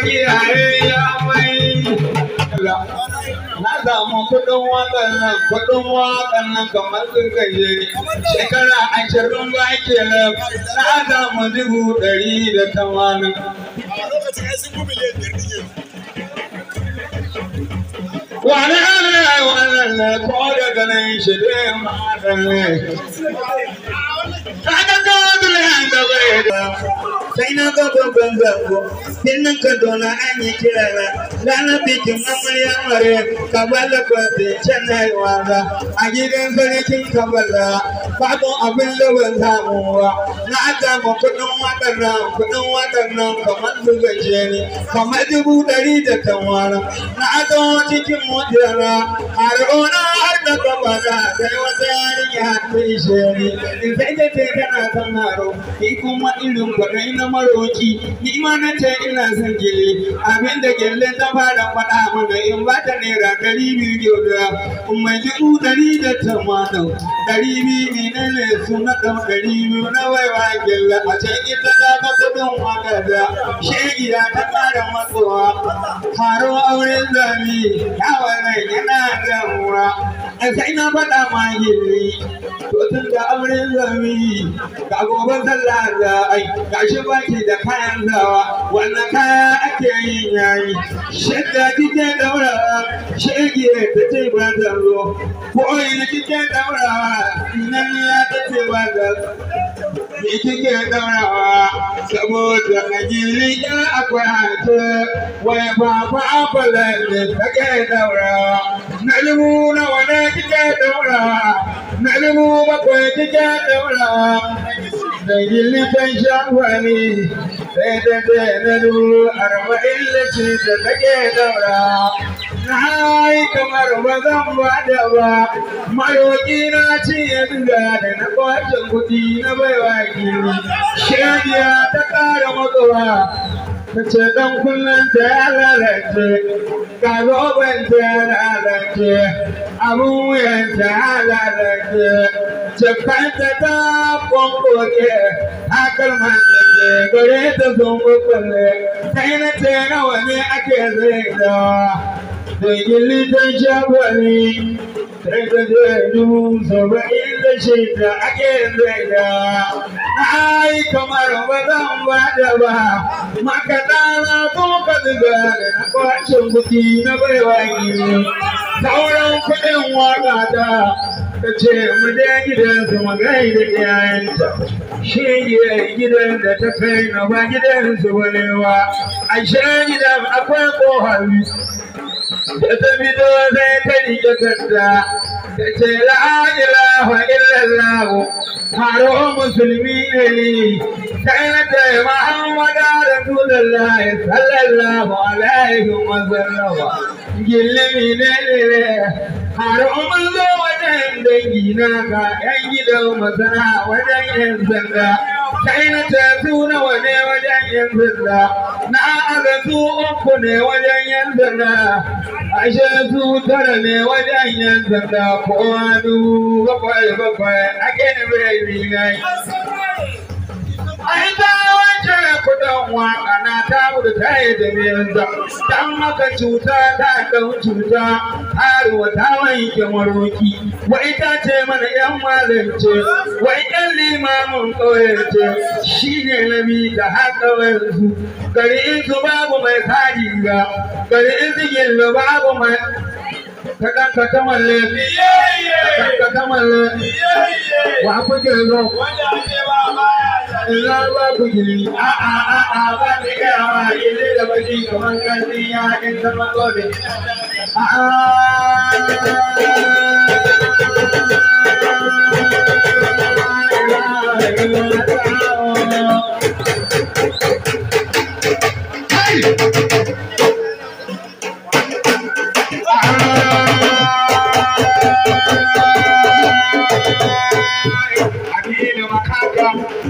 na damu kudin wakan nan kudin wakan nan kamar sun kashe shekara ashirin ba ke nan na damu dubu ɗari da tamanin. Wani ana yi wannan ne ko daga nan shi dai ma'adar ne. gaba da sai na gaba bango birnin kaduna an yi kira na lana bikin amarya mare kabala kwafe can na yi wanda a gidan sarkin kabala fadon abin laban samuwa na aka ma kudin waɗannan kudin waɗannan kamar su gaje kamar dubu ɗari da tanwara na aka cikin mutane har ona har da kabala sai hatun shari in zai da ce tana son maro ni kuma irin kwaɗai na maroki ni ma na ce ina son gele abin da gele ta fara faɗa mana in ba ta naira ɗari biyu gyoda in mai jiru ɗari da tamanin ɗari biyu ne na ne su na ɗan ɗari biyu na waiwa gele a can ita ta ga kuɗin magada shegi ya ta fara matsowa haro auren zami yawan yana damuwa aika ina faɗa ma gini to tun da amrin zami ga goben sallah za a yi ga shi baki da kayan zawa wannan kaya ake yin yayi shadda kike daura shege ta ce ba ta zo ko ina kike daura nan ya ta ce ba ta ni kike daurawa saboda a gili ya akwai hatu wai babu abalan da take daurawa na limu na wane kike daurawa na limu bakwai kike daurawa da gili tan shawani sai da dubu arba'in lace da take daura na yi kamar ba zan bada ba maroƙi na ci yadda da na kwace kuɗi na baiwa gini shadiya ta ƙara matsuwa ta ce ɗan kullum ta ya lalace ga roban ta ya lalace abun wuyan ta ya lalace Jakanta ta kwamfoke, akar mace gare ta zungu kulle, kai na ce nawa ne ake zai dawa. Dangili ta shafari, sai ta je dubu saba'in da shida ake zai dawa. Na yi kamar ba zan bada ba, makaɗa na kuka zuga na kwacin buki na baiwa yi. Sauran kuɗin waƙa ta ta ce muje gidan su mu gaida iyayenta shi ne gidan da ta kai na ba gidansu balewa ashe gidan akwai kohari da ta fito sai ta rike kanta ta ce la ilaha illallah haro musulmi ne sai na da muhammadu rasulullah sallallahu alaihi wa sallam gillimi ne ne haro mun zo yaran dangi na ga yan gidan masana wajen yan sanda sai na tafi nawa ne wajen yan sanda na aga su uku ne wajen yan sanda ashe su tara ne wajen yan sanda kowa dubu bakwai bakwai ake ne bai bi na yi. kudan waka na ta gudu ta yi da yanzu dan maka cuta ta dan cuta haruwa ta wanke maroki wa ita ce mana yan malance wa yan limamin ƙauyance shi ne na bi ta haka wanzu gari in babu mai kari ga gari in yin babu mai ta kanka ta mallafi ta kanka ta mallafi wa kuke zo wanda ake ba baya ina ba a ba ni gaya da ya Thank you.